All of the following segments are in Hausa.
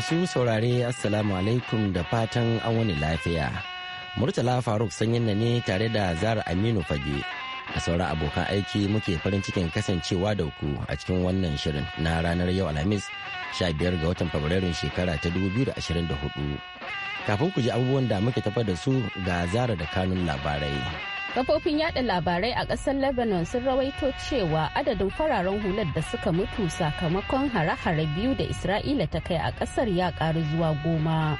Masu saurare Assalamu alaikum da fatan an wani lafiya. Murtala Faruk sanyin na ne tare da Zara Aminu Fage. A sauran abokan aiki muke farin cikin kasancewa da ku a cikin wannan shirin na ranar yau Alhamis 15 ga watan Fabrairun shekara ta 2024. Kafin ku ji abubuwan da muke tafa da su ga Zara da kanun labarai. kafofin yada labarai a ƙasar lebanon sun rawaito cewa adadin fararen hular da suka mutu sakamakon hare-hare biyu da isra'ila ta kai a ƙasar ya ƙaru zuwa goma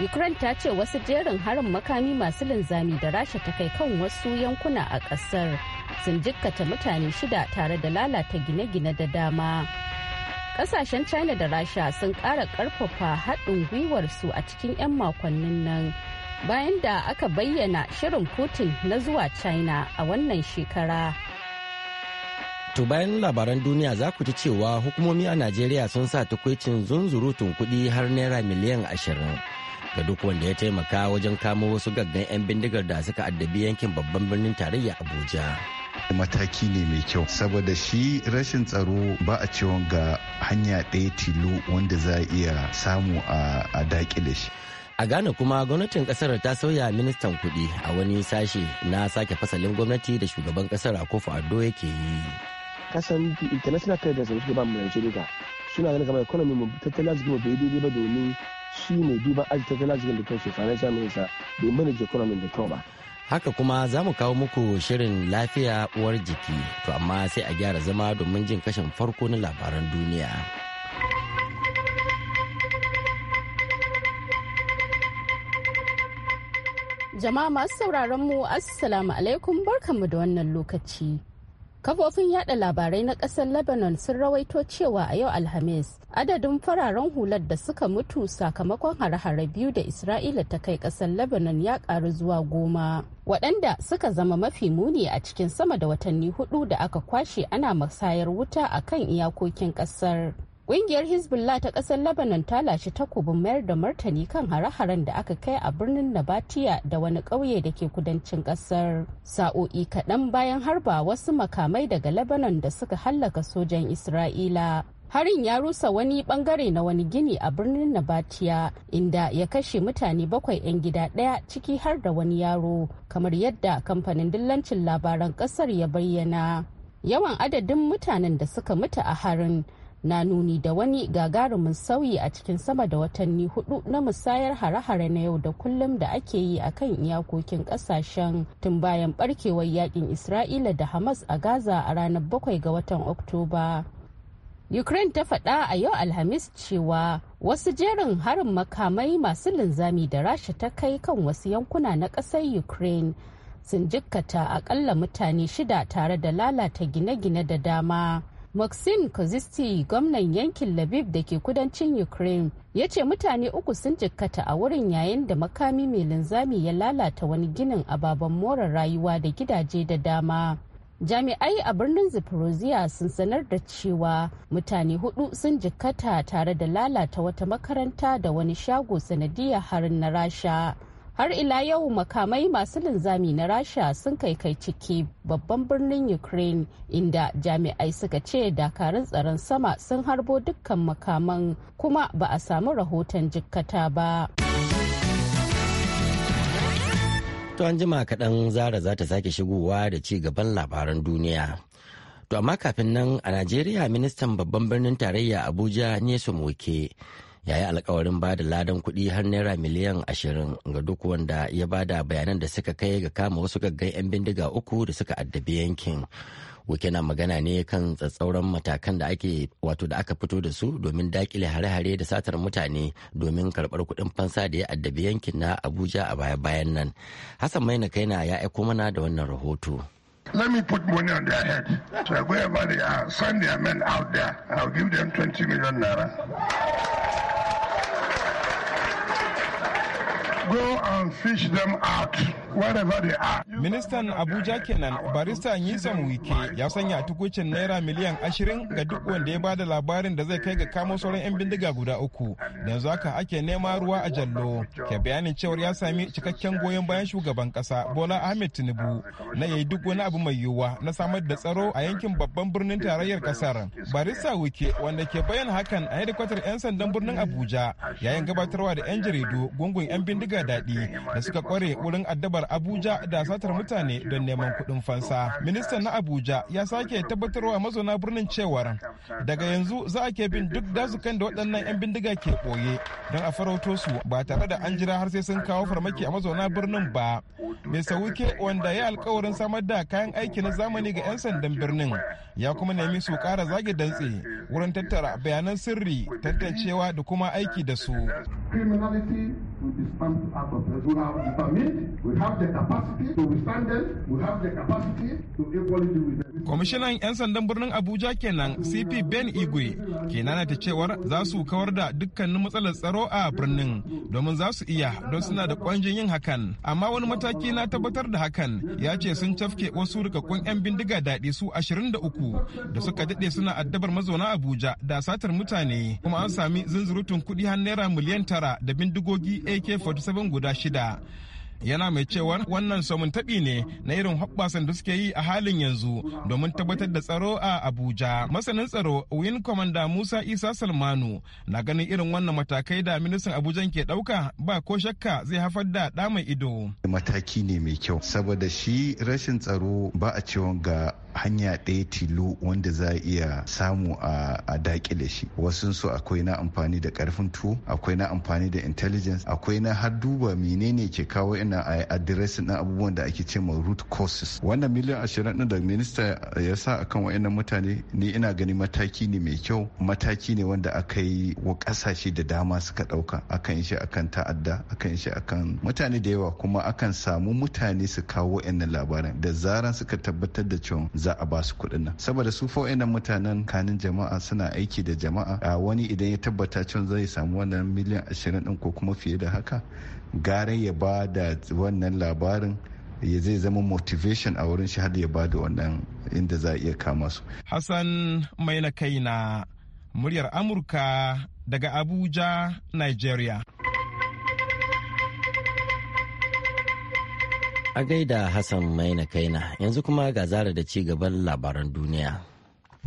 ukraine ta ce wasu jerin harin makami masu linzami da rasha ta kai kan wasu yankuna a ƙasar sun jikkata mutane shida tare da lalata gine-gine da dama kasashen china da rasha sun ƙara ƙarfafa haɗin gwiwarsu a cikin 'yan makonnin nan bayan da aka bayyana shirin kotun na zuwa china a wannan shekara to bayan labaran duniya za ku ci cewa hukumomi a najeriya sun sa takwicin zunzurutun kuɗi har naira miliyan ashirin ga duk wanda ya taimaka wajen kamo wasu gaggan 'yan bindigar da suka addabi yankin babban birnin tarayya abuja mataki ne mai kyau saboda shi rashin tsaro ba a cewa ga hanya ɗaya tilo wanda za a iya samu a daƙi da shi A Ghana kuma gwamnatin kasar ta sauya ministan kuɗi a wani sashe na sake fasalin gwamnati da shugaban kasar Akufo Addo yake yi. Kasan international credit da shugaban mu Najeriya suna ganin kamar economy mu tattalin arziki mu bai daidai ba domin shi ne duban aji tattalin arzikin da kansu financial minister bai manage economy da kyau ba. Haka kuma za mu kawo muku shirin lafiya uwar jiki to amma sai a gyara zama domin jin kashin farko na labaran duniya. Jama'a masu sauraron mu Assalamu alaikum barkanmu da wannan lokaci. Kafofin yada labarai na ƙasar Lebanon sun rawaito cewa a yau Alhamis adadin fararen hular da suka mutu sakamakon hare-hare biyu da Isra'ila ta kai ƙasar Lebanon ya ƙaru zuwa goma. Waɗanda suka zama mafi muni a cikin sama da watanni hudu da aka kwashe ana masayar wuta a kan iyakokin ƙasar. Ƙungiyar Hezbollah ta ƙasar Lebanon ta lashe takobin mayar da martani kan hare-haren da aka kai a birnin Nabatiya da wani ƙauye da ke kudancin ƙasar. Sa'o'i kaɗan bayan harba wasu makamai daga Lebanon da suka hallaka sojan Isra'ila. harin ya rusa wani bangare na wani gini a birnin nabatiya inda ya kashe mutane bakwai 'yan gida ɗaya ciki har da wani yaro kamar yadda kamfanin dillancin labaran ƙasar ya bayyana yawan adadin mutanen da suka mutu a harin na nuni da wani gagarumin sauyi a cikin sama da watanni hudu na musayar hare-hare na yau da kullum da ake yi a kan iyakokin kasashen tun bayan barkewar yakin isra'ila da hamas a gaza a ranar 7 ga watan oktoba ukraine ta faɗa a yau alhamis cewa wasu jerin harin makamai masu linzami da rasha ta kai kan wasu yankuna na ƙasar ukraine sun jikkata akalla mutane shida tare da lalata gine-gine da dama maxim kozisti gwamnan yankin labib da ke kudancin ukraine ya ce mutane uku sun jikkata a wurin yayin da makami mai linzami ya lalata wani ginin ababen more rayuwa da gidaje da dama jami'ai a birnin zaporozhia sun sanar da cewa mutane hudu sun jikkata tare da lalata wata makaranta da wani shago sanadiyar harin na rasha har ila yau makamai masu linzami na rasha sun kai ciki babban birnin ukraine inda jami'ai suka ce dakarun tsaron sama sun harbo dukkan makaman kuma ba a samu rahoton jikkata ba to an jima kaɗan zara za ta sake shigowa da ci gaban labaran duniya to amma kafin nan a najeriya ministan babban birnin tarayya abuja ne su moke ya yi alkawarin ba da ladan kuɗi har naira miliyan ashirin ga duk wanda ya ba da bayanan da suka kai ga kama wasu gaggai 'yan bindiga uku da suka addabi yankin wuke na magana ne kan tsatsauran matakan da ake wato da aka fito da su domin dakile hare-hare da satar mutane domin karbar kuɗin fansa da ya addabi yankin na abuja a baya-bayan nan hassan maina na ya aiko mana da wannan rahoto Let me put money on their head. So wherever they send their men out there. I'll give them 20 million naira. go and fish them out wherever they are. Ministan Abuja kenan barista Nyisan Wike ya sanya tukucin naira miliyan ashirin ga duk wanda ya ba da labarin da zai kai ga kamo sauran 'yan bindiga guda uku. Yanzu haka ake nema ruwa a jallo. Ke bayanin cewar ya sami cikakken goyon bayan shugaban kasa Bola Ahmed Tinubu na yayi duk wani abu mai yiwuwa na samar da tsaro a yankin babban birnin tarayyar kasar. Barista Wike wanda ke bayan hakan a hedikwatar 'yan sandan birnin Abuja yayin gabatarwa da 'yan jaridu gungun 'yan bindiga ga daɗi da suka kware wurin addabar abuja da satar mutane don neman kuɗin fansa ministan na abuja ya sake tabbatarwa mazauna birnin cewar daga yanzu za a ke bin duk dazukan da waɗannan 'yan bindiga ke ɓoye don a farauto su ba tare da an jira har sai sun kawo farmaki a mazauna birnin ba mai sauke wanda ya alkawarin samar da kayan aiki na zamani ga 'yan sandan birnin ya kuma nemi su ƙara zage dantse wurin tattara bayanan sirri tantancewa da kuma aiki da su to be stamped out of us. We have the we have the capacity to withstand them, we have the capacity to equally deal with them. Kwamishinan 'yan sandan birnin Abuja kenan CP Ben Igwe ke ta cewar za su kawar da dukkanin matsalar tsaro a birnin domin za su iya don suna da kwanjin yin hakan. Amma wani mataki na tabbatar da hakan ya ce sun cafke wasu rikakkun 'yan bindiga daɗi su 23 da suka daɗe suna addabar mazauna Abuja da satar mutane kuma an sami zunzurutun kuɗi har naira miliyan tara da bindigogi ak-47 guda shida yana mai cewa wannan samun taɓi ne na irin hoɓɓasan da suke yi a halin yanzu domin tabbatar da tsaro a abuja masanin tsaro win commander musa isa salmanu na ganin irin wannan matakai da ministan abuja ke ɗauka ba ko shakka zai haifar da ɗa mai ido mataki ne mai kyau saboda shi rashin tsaro ba a cewa ga hanya ɗaya tilo wanda za a iya samu a dakile shi wasu su akwai na amfani da ƙarfin tuwo akwai na amfani da intelligence akwai na har duba menene ke kawo ina a adiresin na abubuwan da ake ce ma root causes wannan miliyan ashirin ɗin da minista ya sa akan wa'annan mutane ni ina gani mataki ne mai kyau mataki ne wanda aka yi wa ƙasashe da dama suka ɗauka akan shi akan ta'adda akan shi akan mutane da yawa kuma akan samu mutane su kawo wa'annan labaran da zaran suka tabbatar da cewa za a ba su kuɗin nan saboda su fa wayannan mutanen kanin jama'a suna aiki da jama'a a wani idan ya tabbata cewa zai samu wannan miliyan ashirin din ko kuma fiye da haka gara ya ba da wannan labarin ya zai zama motivation a wurin shi har ya ba da wannan inda za a iya kama su hassan mai na kai na muryar amurka daga abuja nigeria A gaida Hassan Maina Kaina yanzu kuma ga zara da ci gaban labaran duniya.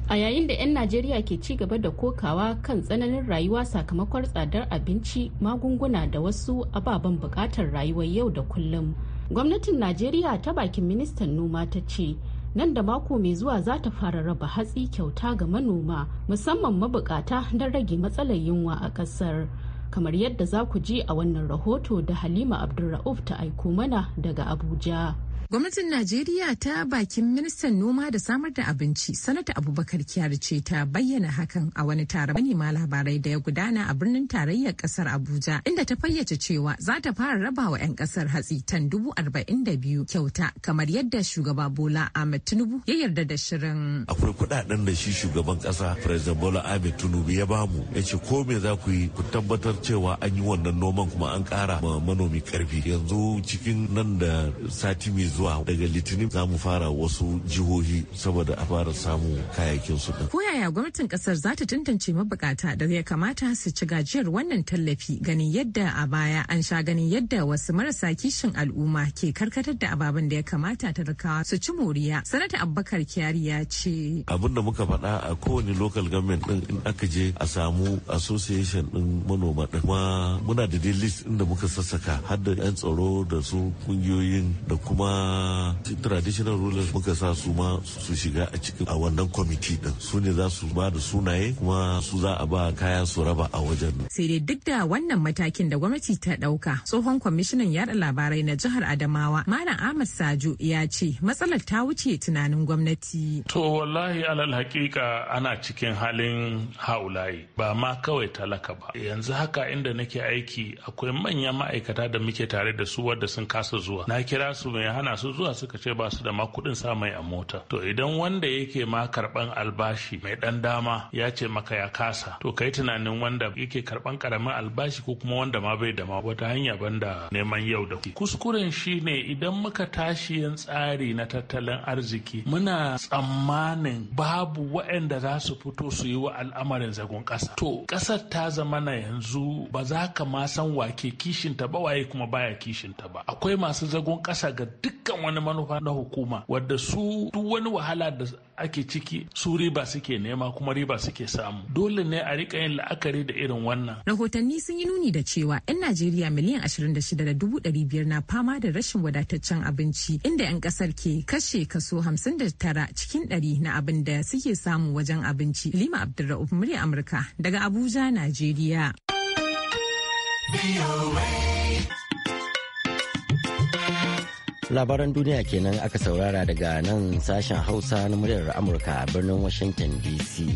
A yayin da 'yan Najeriya ke ci gaba da kokawa kan tsananin rayuwa sakamakon tsadar abinci, magunguna da wasu ababen bukatar rayuwar yau da kullum. Gwamnatin Najeriya ta bakin ministan noma ta ce, nan da mako mai zuwa za ta fara raba hatsi kyauta ga manoma musamman mabukata don rage matsalar yunwa a ƙasar. kamar yadda za ku ji a wannan rahoto da Halima Abdulra'uf ta aiko mana daga Abuja. Gwamnatin Najeriya ta bakin ministan noma da samar da abinci sanata Abubakar Kyari ce ta bayyana hakan a wani taron manema labarai da ya gudana a birnin tarayyar kasar Abuja inda ta fayyace cewa za ta fara raba wa 'yan kasar hatsi tan dubu arba'in da biyu kyauta kamar yadda shugaba Bola Ahmed Tinubu ya yarda da shirin. Akwai kuɗaɗen da shi shugaban ƙasa President Bola Ahmed Tinubu ya bamu ya ce ko me za ku yi ku tabbatar cewa an yi wannan noman kuma an ƙara ma manomi ƙarfi yanzu cikin nan da sati mai zuwa zuwa daga litinin za mu fara wasu jihohi saboda a fara samu kayayyakin su din. yaya gwamnatin kasar za ta tantance mabukata da ya kamata su ci gajiyar wannan tallafi ganin yadda a baya an sha ganin yadda wasu marasa kishin al'umma ke karkatar da ababen da ya kamata ta talakawa su ci moriya. Sanata Abubakar Kyari ya ce. Abin da muka faɗa a kowane local government din in aka je a samu association din manoma din kuma muna da dai list da muka sassaka har da 'yan tsaro da su kungiyoyin da kuma a traditional rulers muka sa su ma su shiga a cikin a wannan kwamiti din su ne za su ba da sunaye kuma su za a ba kaya su raba a wajen sai dai duk da wannan matakin da gwamnati ta dauka tsohon kwamishinan yada labarai na jihar adamawa malam ahmad saju ya ce matsalar ta wuce tunanin gwamnati to wallahi alal hakika ana cikin halin haulayi ba ma kawai talaka ba yanzu haka inda nake aiki akwai manyan ma'aikata da muke tare da su wadda sun kasa zuwa na kira su mai hana su. masu zuwa suka ce ba su da ma kuɗin sa mai a mota to idan wanda yake ma karban albashi mai ɗan dama ya ce maka ya kasa to kai tunanin wanda yake karban karamin albashi ko kuma wanda ma bai da ma wata hanya banda neman yau da kuskuren shine idan muka tashi yin tsari na tattalin arziki muna tsammanin babu waɗanda za su fito su yi wa al'amarin zagon ƙasa to ƙasar ta zama na yanzu ba za ka ma san wake kishinta ba waye kuma baya kishinta ba akwai masu zagon ƙasa ga duk dukkan wani manufa na hukuma wadda su duk wani wahala da ake ciki su riba suke nema kuma riba suke samu dole ne a rika yin la'akari da irin wannan rahotanni sun yi nuni da cewa 'yan najeriya miliyan 26,500 na fama da rashin wadataccen abinci inda 'yan kasar ke kashe kaso 59 cikin 100 na abin da suke samu wajen abinci lima abdulra'uf murya amurka daga abuja najeriya labaran duniya kenan aka saurara daga nan sashen hausa na muryar amurka a birnin washington dc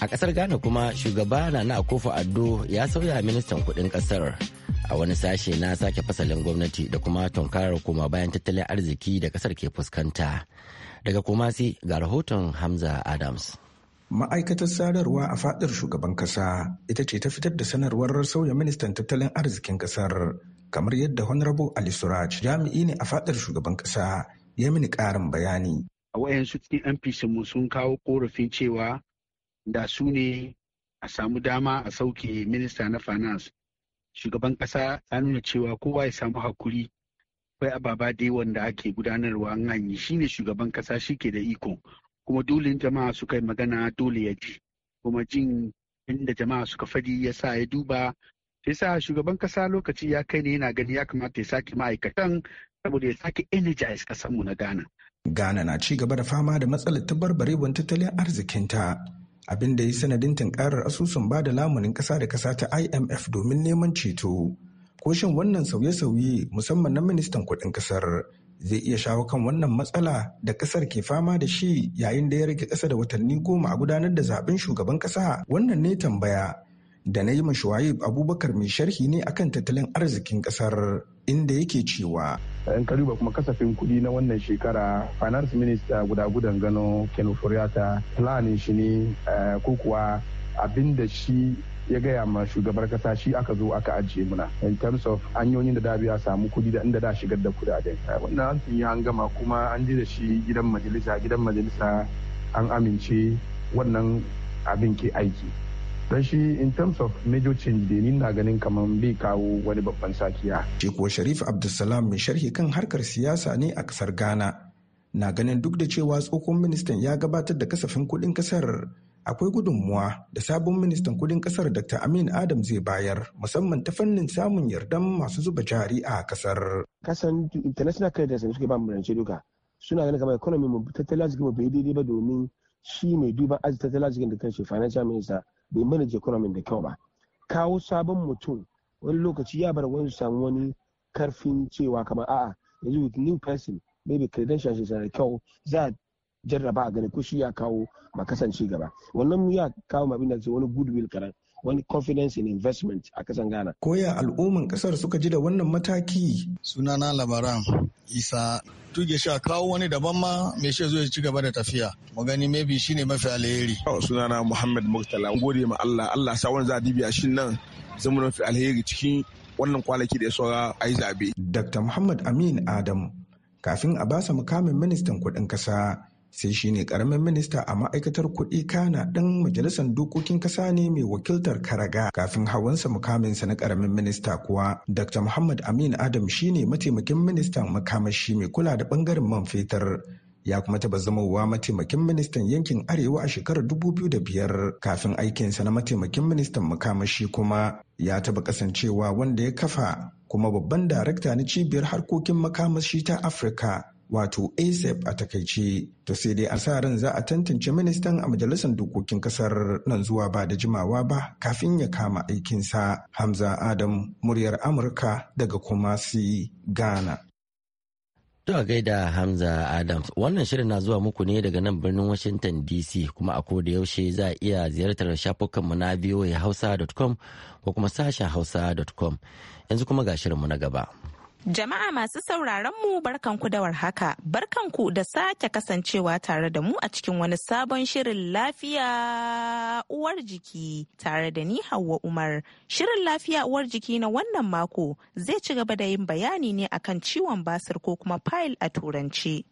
a kasar ghana kuma shugaba na kofa addo ya sauya ministan kudin kasar a wani sashe na sake fasalin gwamnati da kuma tunkarar koma bayan tattalin arziki da kasar ke fuskanta daga kumasi ga rahoton hamza adams ma'aikatar sadarwa a fadar shugaban kasa ita ce ta fitar da sanarwar sauya ministan tattalin arzikin kasar kamar yadda honorable ali suraj jami'i ne a fadar shugaban kasa ya mini karin bayani a wayansu cikin mpc mu sun kawo korafin cewa da su ne a samu dama a sauke minista na finance shugaban kasa ya nuna cewa kowa ya samu hakuri akwai ababa dai wanda ake gudanarwa an hanyi shine shugaban kasa shi ke da iko kuma dole jama'a suka yi magana dole ya ji kuma jin inda jama'a suka fadi ya sa ya duba sa shugaban kasa lokaci ya kai ne yana gani ya kamata ya sake ma'aikatan saboda ya sake energize kasanmu na Ghana. Ghana na ci gaba da fama da matsalar tabarbarewar tattalin arzikinta. Abin da ya sanadin tunkarar asusun ba da lamunin kasa da kasa ta IMF domin neman ceto. Ko shin wannan sauye-sauye musamman na ministan kuɗin kasar zai iya shawo kan wannan matsala da kasar ke fama da shi yayin da ya rage ƙasa da watanni goma a gudanar da zaɓen shugaban ƙasa? Wannan ne tambaya da na yi shuwaib abubakar mai sharhi ne akan tattalin arzikin kasar inda yake cewa in ka kuma kasafin kuɗi na wannan shekara finance minister guda gudan gano kenufuriyata furiata planning shi ne eh, ko kuwa abin da shi ya gaya ma shugabar kasa shi aka zo aka ajiye muna in terms of hanyoyin da da biya samu kudi da inda da shigar da kudaden eh, wannan an sun yi an gama kuma an ji da shi gidan majalisa gidan majalisa an amince wannan abin ke aiki don shi in terms of major change da na ganin kamar bai kawo wani babban sakiya shi kuwa sharif abdulsalam mai sharhi kan harkar siyasa ne a kasar ghana na ganin duk da cewa tsohon ministan ya gabatar da kasafin kudin kasar akwai gudunmuwa da sabon ministan kudin kasar dr amin adam zai bayar musamman ta fannin samun yardan masu zuba jari a kasar kasan international credit da suke ba mu rance duka suna ganin kamar economy mu tattalin arzikin mu bai daidai ba domin shi mai duba arzikin tattalin arzikin da shi financial minister bai manage economy da kyau ba kawo sabon mutum wani lokaci ya bar wani samu wani karfin cewa kamar a'a yanzu with new person maybe credentials is da kyau za a jarraba a gani ko shi ya kawo ma kasance gaba wannan ya kawo ma da wani goodwill karan wani confidence in investment a kasan Ghana. Koya al'umman kasar suka ji da wannan mataki? Sunana labaran Isa tuge shi kawo wani daban ma me shi zo ci gaba da tafiya mu gani maybe shine mafi alheri oh, sunana Muhammad Murtala gode ma Allah Allah sa wani zadibi a shin nan zama mafi alheri cikin wannan kwanaki da ya saura a yi zabe Dr. Muhammad Amin Adam kafin a basa mukamin ministan kuɗin kasa sai shine karamin minista a ma'aikatar kuɗi kana ɗan majalisar dokokin ƙasa ne mai wakiltar karaga kafin hawansa mukaminsa na karamin minista kuwa dr muhammad amin adam shine mataimakin ministan makamashi mai kula da ɓangaren man fetur ya kuma taba zamowa mataimakin ministan yankin arewa a shekarar 2005 kafin aikinsa na mataimakin ministan makamashi kuma ya taba kasancewa wanda ya kafa kuma babban darakta na cibiyar harkokin makamashi ta afirka wato asap e a takaice to sai dai a sa ran za a tantance ministan a majalisar dokokin kasar nan zuwa ba da jimawa ba kafin ya kama aikinsa hamza adam muryar amurka daga kumasi ghana To gaida Hamza Adams wannan shirin na zuwa muku ne daga nan birnin Washington DC kuma a da yaushe za a iya ziyartar shafukanmu na hausa.com ko kuma sashen hausa.com yanzu kuma ga shirinmu na gaba. Jama'a masu sauraron mu barkanku da warhaka, barkanku da sake kasancewa tare da mu a cikin wani sabon shirin lafiya uwar jiki tare da ni Hauwa Umar. Shirin lafiya uwar jiki na wannan mako zai ci gaba da yin bayani ne akan ciwon basir ko kuma pile a turanci.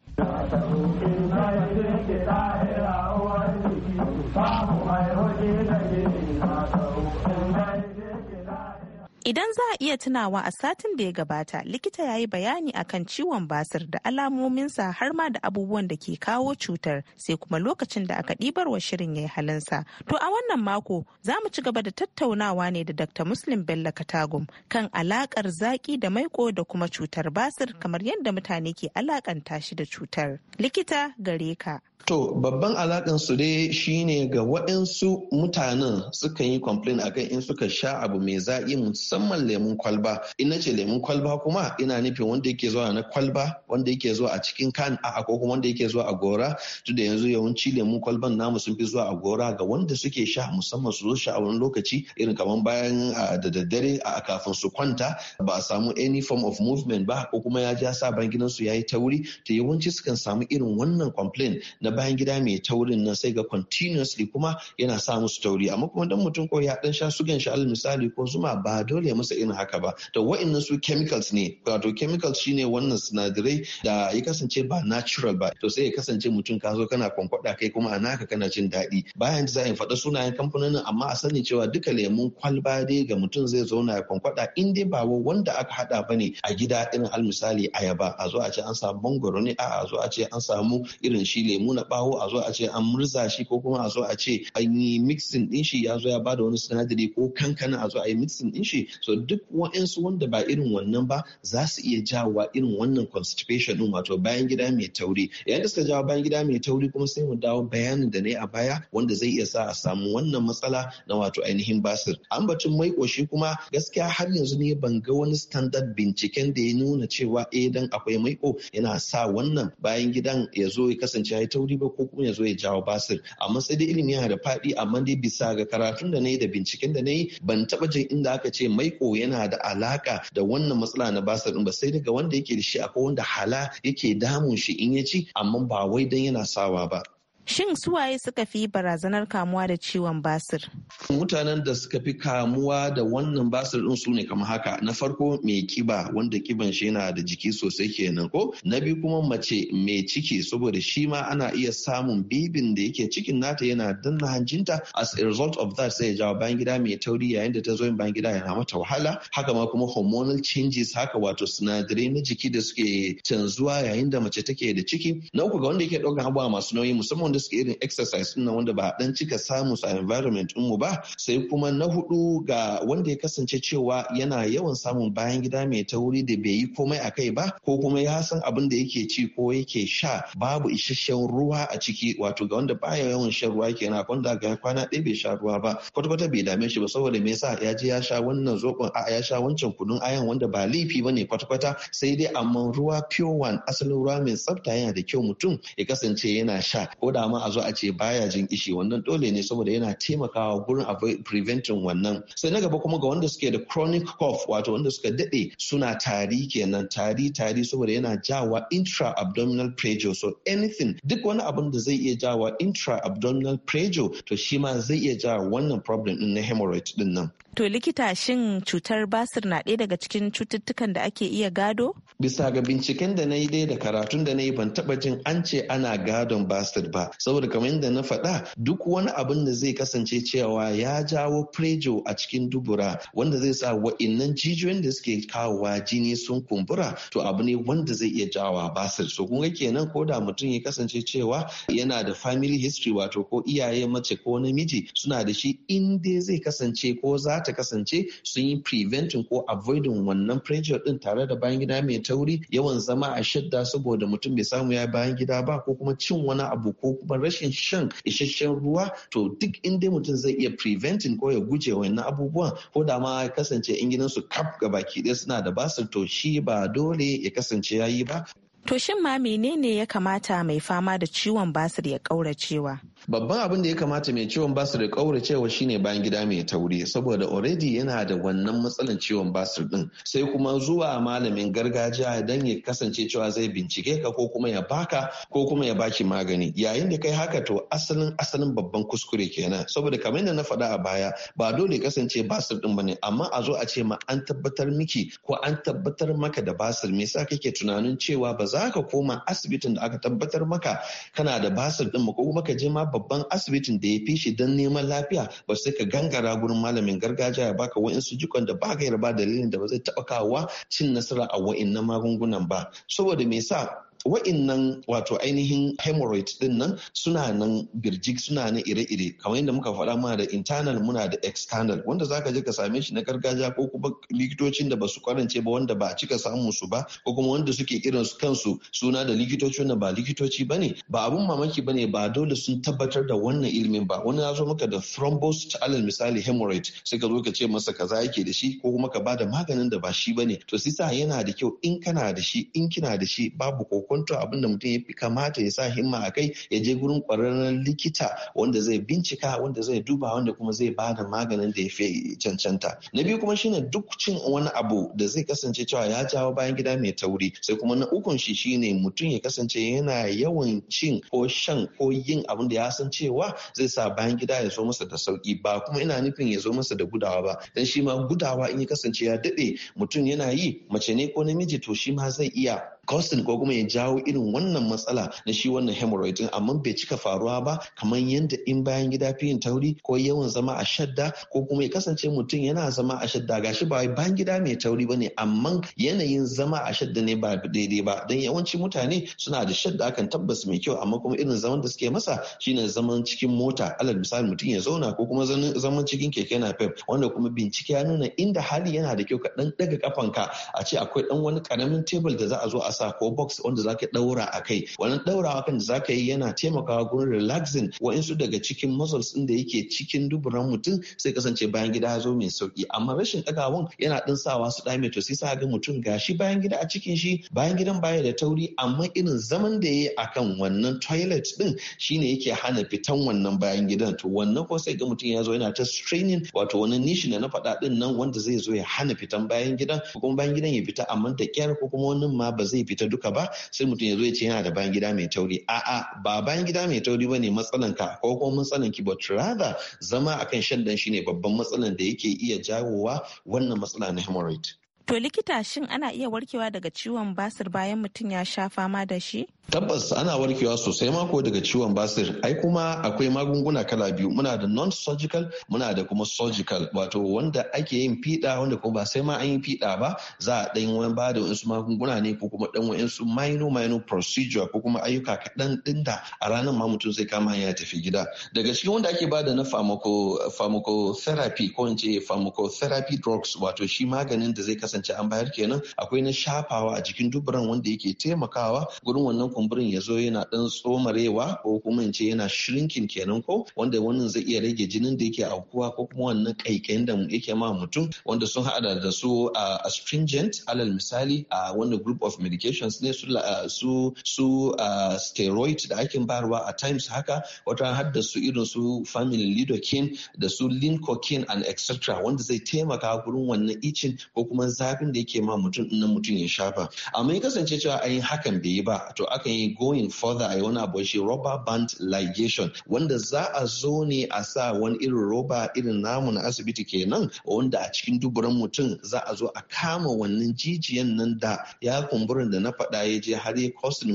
Idan za a iya tunawa a satin da ya gabata likita ya yi bayani akan ciwon basir da alamominsa har ma da abubuwan da ke kawo cutar sai kuma lokacin da aka ɗibar wa shirin ya yi halinsa. To a wannan mako za mu ci gaba da tattaunawa ne da Dr. Muslim Bello Katagum kan alakar zaƙi da maiƙo da kuma cutar basir kamar yadda mutane ke alakanta shi da cutar. Likita gare ka. To babban alaƙin su dai shine ga waɗansu mutanen suka yi complain akan in suka sha abu mai zaƙi musamman lemun kwalba. Ina ce lemun kwalba kuma ina nufin wanda yake zuwa na kwalba wanda yake zuwa a cikin kan a ko kuma wanda yake zuwa a gora da yanzu yawanci lemun kwalban namu sun fi zuwa a gora ga wanda suke sha musamman su zo sha a wani lokaci irin kamar bayan da daddare a kafin su kwanta ba a samu any form of movement ba ko kuma ya ja sa ban gidansu ya yi tauri ta yawanci sukan samu irin wannan complain na na bayan gida mai taurin nan sai ga continuously kuma yana sa musu tauri amma kuma dan mutum ko ya dan sha sugan shi al misali ko zuma ba dole ya masa irin haka ba to wa'annan su chemicals ne wato chemicals shine wannan sinadarai da ya kasance ba natural ba to sai ya kasance mutum ka zo kana kwankwada kai kuma a naka kana jin daɗi bayan za a faɗa sunayen kamfanonin amma a sani cewa duka lemun kwalba dai ga mutum zai zauna ya kwankwada in dai ba wanda aka haɗa ba ne a gida irin al misali ayaba a zo a ce an samu mangoro ne a a zo a ce an samu irin shi lemu na bawo a zo a ce an murza shi ko kuma a zo a ce an yi mixing din shi ya zo ya bada wani sinadari ko kankana a zo a yi mixing din shi so duk wa'ansu wanda ba irin wannan ba za su iya jawowa irin wannan constipation din wato bayan gida mai tauri yayin da suka jawo bayan gida mai tauri kuma sai mu dawo bayanin da ne a baya wanda zai iya sa a samu wannan matsala na wato ainihin basir an batun mai koshi kuma gaskiya har yanzu ne ban ga wani standard binciken da ya nuna cewa eh dan akwai maiko yana sa wannan bayan gidan ya zo ya kasance ya tauri wuri ba ko kuma ya zo ya jawo basir amma sai dai ilimi yana da faɗi amma dai bisa ga karatun da na yi da binciken da na yi ban taɓa jin inda aka ce maiko yana da alaka da wannan matsala na basir ba sai daga wanda yake da shi akwai wanda hala yake damun shi in ya ci amma ba wai dan yana sawa ba Shin suwaye suka fi barazanar kamuwa da ciwon basir? Mutanen da suka fi kamuwa da wannan basir din su ne kamar haka. Na farko mai kiba wanda kiban shi yana da jiki sosai kenan ko? Na biyu kuma mace mai ciki saboda shi ma ana iya samun bibin da yake cikin nata yana danna hanjinta as a result of that sai ya jawo bayan gida mai tauri yayin da ta zo yin bayan gida yana mata wahala. Haka ma kuma hormonal changes haka wato sinadarai na jiki da suke canzuwa yayin da mace take da ciki. Na uku ga wanda yake ɗaukar abubuwa masu nauyi musamman suke irin exercise din wanda ba dan cika samu sa environment mu ba sai kuma na hudu ga wanda ya kasance cewa yana yawan samun bayan gida mai tauri da bai yi komai a kai ba ko kuma ya san abin da yake ci ko yake sha babu isasshen ruwa a ciki wato ga wanda baya yawan shan ruwa kenan wanda ga kwana ɗaya bai sha ruwa ba kwata-kwata bai dame shi ba saboda me yasa ya je ya sha wannan zokon a ya sha wancan kunun ayan wanda ba laifi ne kwata-kwata sai dai amma ruwa pure one asalin ruwa mai tsafta yana da kyau mutum ya kasance yana sha ko da dama a zo a ce baya jin ishi wannan dole ne saboda yana taimakawa gurin a preventing wannan sai na gaba kuma ga wanda suke da chronic cough wato wanda suka dade suna tari kenan tari tari saboda yana jawa intra abdominal pressure so anything duk wani abin da zai iya jawa intra abdominal pressure to shi ma zai iya jawa wannan problem din na hemorrhoid din nan to likita shin cutar basir na ɗaya daga cikin cututtukan da ake iya gado bisa ga binciken da na yi dai da karatun da na yi ban taba jin an ce ana gadon basir ba saboda kamar yadda na faɗa duk wani abin da zai kasance cewa ya jawo prejo a cikin dubura wanda zai sa wa'innan jijiyoyin da suke kawowa jini sun kumbura to abu ne wanda zai iya jawa basir so kun ga kenan ko da mutum ya kasance cewa yana da family history wato ko iyaye mace ko namiji suna da shi in dai zai kasance ko za ta kasance sun yi preventing ko avoiding wannan prejo din tare da bayan gida mai tauri yawan zama a shadda saboda mutum bai samu ya bayan gida ba ko kuma cin wani abu ko kuma rashin shan isasshen ruwa to duk inda mutum zai iya preventing ko ya guje na abubuwan ko da ma kasance in su kaf baki ɗaya suna da basir to shi ba dole ya kasance ya yi ba. To shin ma menene ya kamata mai fama da ciwon basir ya ƙauracewa? babban abin da ya kamata mai ciwon basir ya cewa shine bayan gida mai tauri saboda already yana da wannan matsalan ciwon basir din sai kuma zuwa malamin gargajiya dan ya kasance cewa zai bincike ka ko kuma ya baka ko kuma ya baki magani yayin da kai haka to asalin asalin babban kuskure kenan saboda kamar yadda na faɗa a baya ba dole kasance basir din bane amma a zo a ce ma an tabbatar miki ko an tabbatar maka da basir me yasa kake tunanin cewa ba za ka koma asibitin da aka tabbatar maka kana da basir din ko kuma ka je ma babban asibitin da ya fi shi don neman lafiya ba sai ka gangara gurin malamin gargajiya ya baka wa'insu jikon da baka yarba dalilin da ba zai taɓa kawo cin nasara a wa'in na magungunan ba saboda me sa. wa'innan wato ainihin hemorrhoid din nan suna nan birjik suna nan ire-ire kamar yadda muka faɗa muna da internal muna da external wanda za ka je ka same shi na gargajiya ko kuma likitocin da basu karance ba wanda ba cika samun su ba ko kuma wanda suke irin su kansu suna da likitoci wanda ba likitoci bane ba abun mamaki bane ba dole sun tabbatar da wannan ilimin ba wani ya zo maka da thrombus alal misali hemorrhoid suka zo ka ce masa kaza yake da shi ko kuma ka bada maganin da ba shi bane to sisa yana da kyau in kana da shi in kina da shi babu ko abin da mutum ya fi kamata ya sa himma a kai ya je gurin kwararren likita wanda zai bincika wanda zai duba wanda kuma zai ba da maganin da ya fi cancanta na biyu kuma shine duk cin wani abu da zai kasance cewa ya jawo bayan gida mai tauri sai kuma na ukun shi shine mutum ya kasance yana yawan cin ko shan ko yin abin da ya san cewa zai sa bayan gida ya zo masa da sauki ba kuma ina nufin ya zo masa da gudawa ba dan shi ma gudawa in ya kasance ya daɗe mutum yana yi mace ne ko namiji to shi ma zai iya causing ko kuma ya jawo irin wannan matsala na shi wannan hemorrhoid din amma bai cika faruwa ba kamar yadda in bayan gida fiyin tauri ko yawan zama a shadda ko kuma ya kasance mutum yana zama a shadda gashi ba bayan gida mai tauri ne amma yanayin zama a shadda ne ba daidai ba don yawanci mutane suna da shadda kan tabbas mai kyau amma kuma irin zaman da suke masa shine zaman cikin mota alal misali mutum ya zauna ko kuma zaman cikin keke Pep wanda kuma bincike ya nuna inda hali yana da kyau ka dan daga kafanka a ce akwai dan wani karamin tebul da za a zo a ƙasa ko box wanda zaka daura a kai wannan daurawa kan da zaka yi yana taimakawa gurin relaxing wa'insu daga cikin muscles din da yake cikin duburan mutum sai kasance bayan gida ya zo mai sauki amma rashin ɗagawan yana ɗin sawa su ɗame to sai sa ga mutum gashi bayan gida a cikin shi bayan gidan baya da tauri amma irin zaman da ya yi akan wannan toilet din shine yake hana fitan wannan bayan gidan to wannan ko sai ga mutum ya zo yana ta straining wato wani niche ne na faɗa ɗin nan wanda zai zo ya hana fitan bayan gidan ko kuma bayan gidan ya fita amma da kyar ko kuma wani ma ba zai zai fita duka ba sai mutum ya zo ya ce yana da bayan gida mai tauri a'a ba bayan gida mai tauri bane matsalan ka ko kuma matsalan ki but rather zama akan shan dan shine babban matsalan da yake iya jawowa wannan matsala na hemorrhoid to likita shin ana iya warkewa daga ciwon basir bayan mutum ya sha fama da shi tabbas ana warkewa sosai mako daga ciwon basir ai kuma akwai magunguna kala biyu muna da non surgical muna da kuma surgical wato wanda ake yin fiɗa wanda ko ba sai ma an yi fiɗa ba za a ɗan wani ba da wasu magunguna ne ko kuma ɗan wasu minor minor procedure ko kuma ayyuka kaɗan ɗin a ranar ma mutum zai kama ya tafi gida daga cikin wanda ake bada na pharmacotherapy ko in ce pharmacotherapy drugs wato shi maganin da zai kasance an bayar kenan akwai na shafawa a jikin duburan wanda yake taimakawa gurin wannan kumburin ya zo yana dan tsomarewa ko kuma in ce yana shrinking kenan ko wanda wannan zai iya rage jinin da yake aukuwa ko kuma wannan kaikayin da yake ma mutum wanda sun haɗa da su astringent alal misali a wanda group of medications ne su su steroid da ake bayarwa a times haka wata har da su irin su family lidocaine da su lincocaine and etc wanda zai taimaka gurin wannan icin ko kuma zafin da yake ma mutum na mutum ya shafa amma ya kasance cewa ayin hakan bai yi ba to aka in eh, going further a wani abu shi rubber band ligation wanda za a zo ne a sa wani irin roba irin namu na asibiti kenan wanda a cikin duburan mutum za a zo a kama wannan jijiyan nan da ya kumburin da na faɗa ya je har ya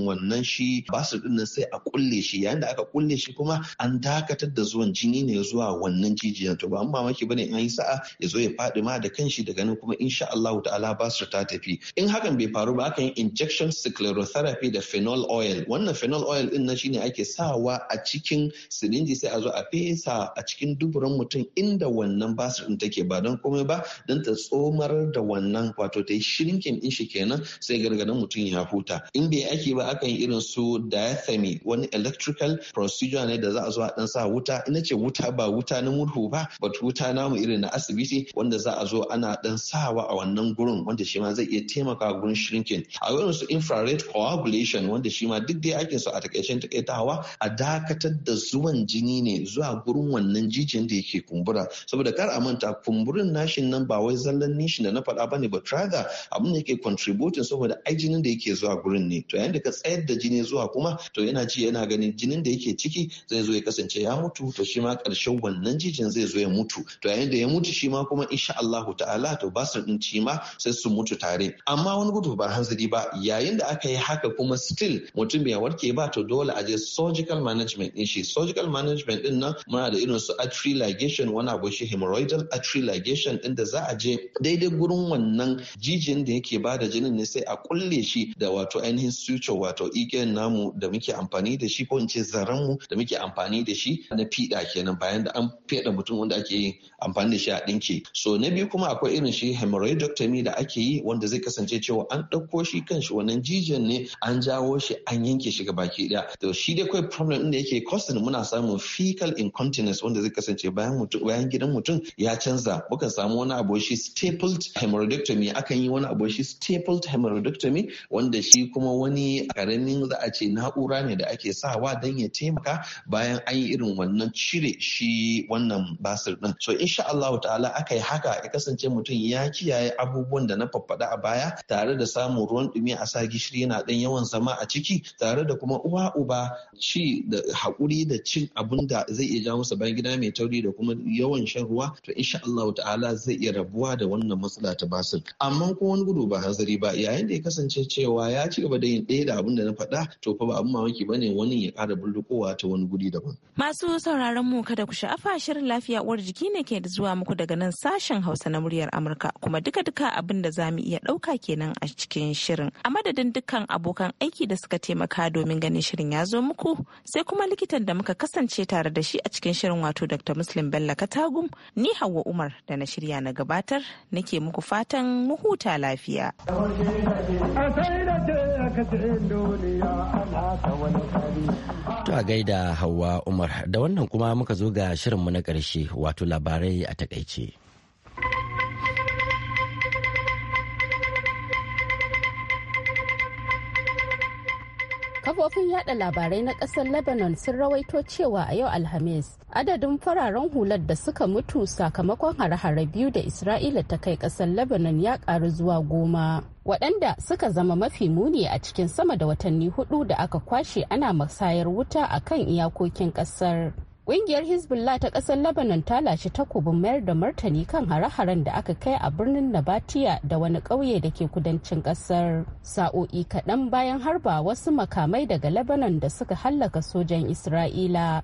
wannan shi basir din nan sai a kulle shi yayin da aka kulle shi kuma an dakatar da zuwan jini ne zuwa wannan jijiyan to ba mu mamaki bane an yi sa'a ya zo ya faɗi ma da kanshi daga nan kuma insha Allah ta'ala basu ta tafi in hakan bai faru ba yi injection sclerotherapy da phenol phenol oil wannan phenol oil din nan shine ake sawa a cikin sirinji sai a zo a fesa a cikin duburan mutum inda wannan basir din take ba don komai ba don ta tsomar da wannan wato ta yi din shi kenan sai gargadan mutum ya huta in bai aiki ba akan yi irin su diathermy wani electrical procedure ne da za a zo a dan sa wuta ina ce wuta ba wuta na murhu ba but wuta namu irin na asibiti wanda za a zo ana dan sawa a wannan gurin wanda shi ma zai iya taimaka gurin shirinkin a wurin su infrared coagulation wanda shi ma duk dai ake so a takaicen takaitawa a dakatar da zuwan jini ne zuwa gurin wannan jijiyan da yake kumbura saboda kar a manta kumburin nashin nan ba wai zallan nishin da na faɗa ba ne ba traga abin da yake contributing saboda ai jinin da yake zuwa gurin ne to yayin da ka tsayar da jini zuwa kuma to yana ji yana ganin jinin da yake ciki zai zo ya kasance ya mutu to shi ma ƙarshen wannan jijin zai zo ya mutu to yayin da ya mutu shi ma kuma insha Allahu ta'ala to su ɗin ci ma sai su mutu tare amma wani gudu ba hanzari ba yayin da aka yi haka kuma still mutum bai warke ba to dole a je surgical management din shi surgical management din nan muna da irin su artery ligation wani abu shi hemorrhoidal artery ligation din da za a je daidai gurin wannan jijin da yake ba da jinin ne sai a kulle shi da wato ainihin suture wato igiyan e namu da muke amfani da shi ko in ce zaren mu da muke amfani da shi na fiɗa e kenan bayan da an fiɗa mutum wanda ake yi amfani da shi a ɗinke so na biyu kuma akwai irin shi hemorrhoidectomy da ake yi wanda zai kasance cewa an ɗauko shi kan shi wannan jijiyan ne an jawo shi shi an yanke shi baki daya to shi dai kawai problem din da yake causing muna samun fecal incontinence wanda zai kasance bayan mutum bayan gidan mutum ya canza muka samu wani abu shi stapled hemorrhoidectomy akan yi wani abu shi stapled hemorrhoidectomy wanda shi kuma wani karamin za a ce na'ura ne da ake sawa dan ya taimaka bayan an yi irin wannan cire shi wannan basir din so insha Allah ta'ala aka yi haka ya kasance mutum ya kiyaye abubuwan da na faffada a baya tare da samun ruwan dumi a sa gishiri yana dan yawan zama a ciki tare da kuma uwa uba ci da haƙuri da cin abun da zai iya ja musu gida mai tauri da kuma yawan shan ruwa to insha Allah ta'ala zai iya rabuwa da wannan matsala ta basir amma kuma wani gudu ba hanzari ba yayin da ya kasance cewa ya ci gaba da yin ɗaya da abun da na faɗa to fa ba abun mamaki ne wani ya ƙara bullukowa ta wani guri daban masu sauraron mu kada ku sha'afa shirin lafiya uwar jiki ne ke zuwa muku daga nan sashen Hausa na muryar Amurka kuma duka-duka abin da za mu iya ɗauka kenan a cikin shirin a madadin dukkan abokan aiki da suka taimaka domin ganin shirin ya zo muku sai kuma likitan da muka kasance tare da shi a cikin shirin wato Dr. Muslim Bello Katagum ni Hauwa Umar da na shirya na gabatar nake muku fatan mu huta lafiya. To a gaida Hauwa Umar da wannan kuma muka zo ga shirinmu na karshe wato labarai a takaice. Kafofin yada labarai na kasar Lebanon sun rawaito cewa a yau Alhamis adadin fararen hular da suka mutu sakamakon hare-hare biyu da Isra'ila ta kai kasar Lebanon ya karu zuwa goma. Waɗanda suka zama mafi muni a cikin sama da watanni hudu da aka kwashe ana masayar wuta a kan iyakokin ƙasar. Ƙungiyar Hezbollah ta ƙasar Lebanon ta lashe takobin mayar da martani kan hare-haren da aka kai a birnin Nabatiya da wani ƙauye da ke kudancin ƙasar. Sa'o'i kaɗan bayan harba wasu makamai daga Lebanon da suka hallaka sojan Isra'ila.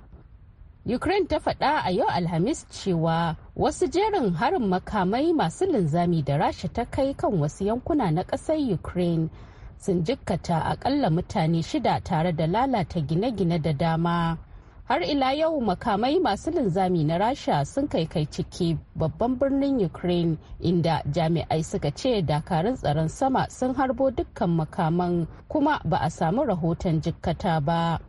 Ukraine ta faɗa a yau Alhamis cewa wasu jerin harin makamai masu linzami da rasha ta kai kan wasu yankuna na ƙasar Ukraine sun jikkata aƙalla mutane shida tare da lalata gine-gine da dama. har ila yau makamai masu linzami na rasha sun kai ciki babban birnin ukraine inda jami'ai suka ce dakarun tsaron sama sun harbo dukkan makaman kuma ba a samu rahoton jikkata ba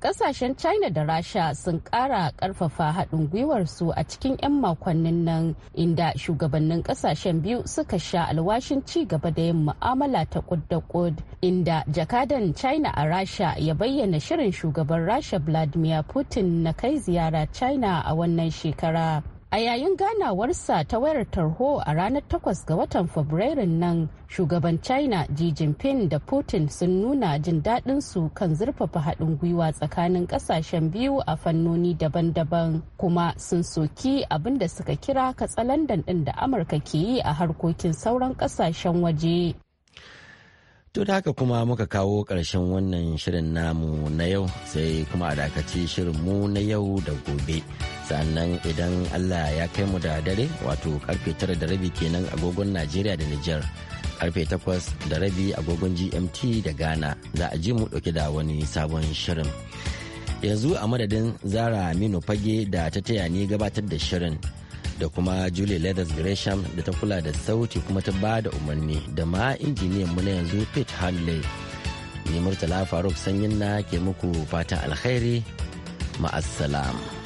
kasashen china da rasha sun kara karfafa haɗin gwiwarsu a cikin 'yan makonnin nan inda shugabannin kasashen biyu suka sha alwashin ci gaba da yin mu'amala ta kud da kud inda jakadan china a rasha ya bayyana shirin shugaban rasha vladimir putin na kai ziyara china a wannan shekara A yayin ganawarsa ta wayar tarho a ranar 8 ga watan Fabrairun nan, shugaban China Xi Jinping da Putin sun nuna jin daɗinsu kan zurfafa haɗin gwiwa tsakanin ƙasashen biyu a fannoni daban-daban, kuma sun soki abin da suka kira katsalandan ɗin da Amurka ke yi a harkokin sauran ƙasashen waje. To da haka kuma muka kawo ƙarshen wannan shirin namu na yau sai kuma a dakaci shirin mu na yau da gobe. Sannan idan Allah ya kai mu da dare wato karfe tara da rabi kenan agogon Najeriya da Nijar. Karfe takwas da rabi agogon GMT da Ghana za a ji mu ɗauki da wani sabon shirin. Yanzu a madadin Zara Aminu Fage da ta taya gabatar da shirin. da kuma Julie Leathers Gresham da ta kula da sauti kuma ta ba da umarni da ma injiniyan mu na yanzu Pete Hanley. Ni Murtala Faruk Sanyin na ke muku fatan alkhairi ma'assalam.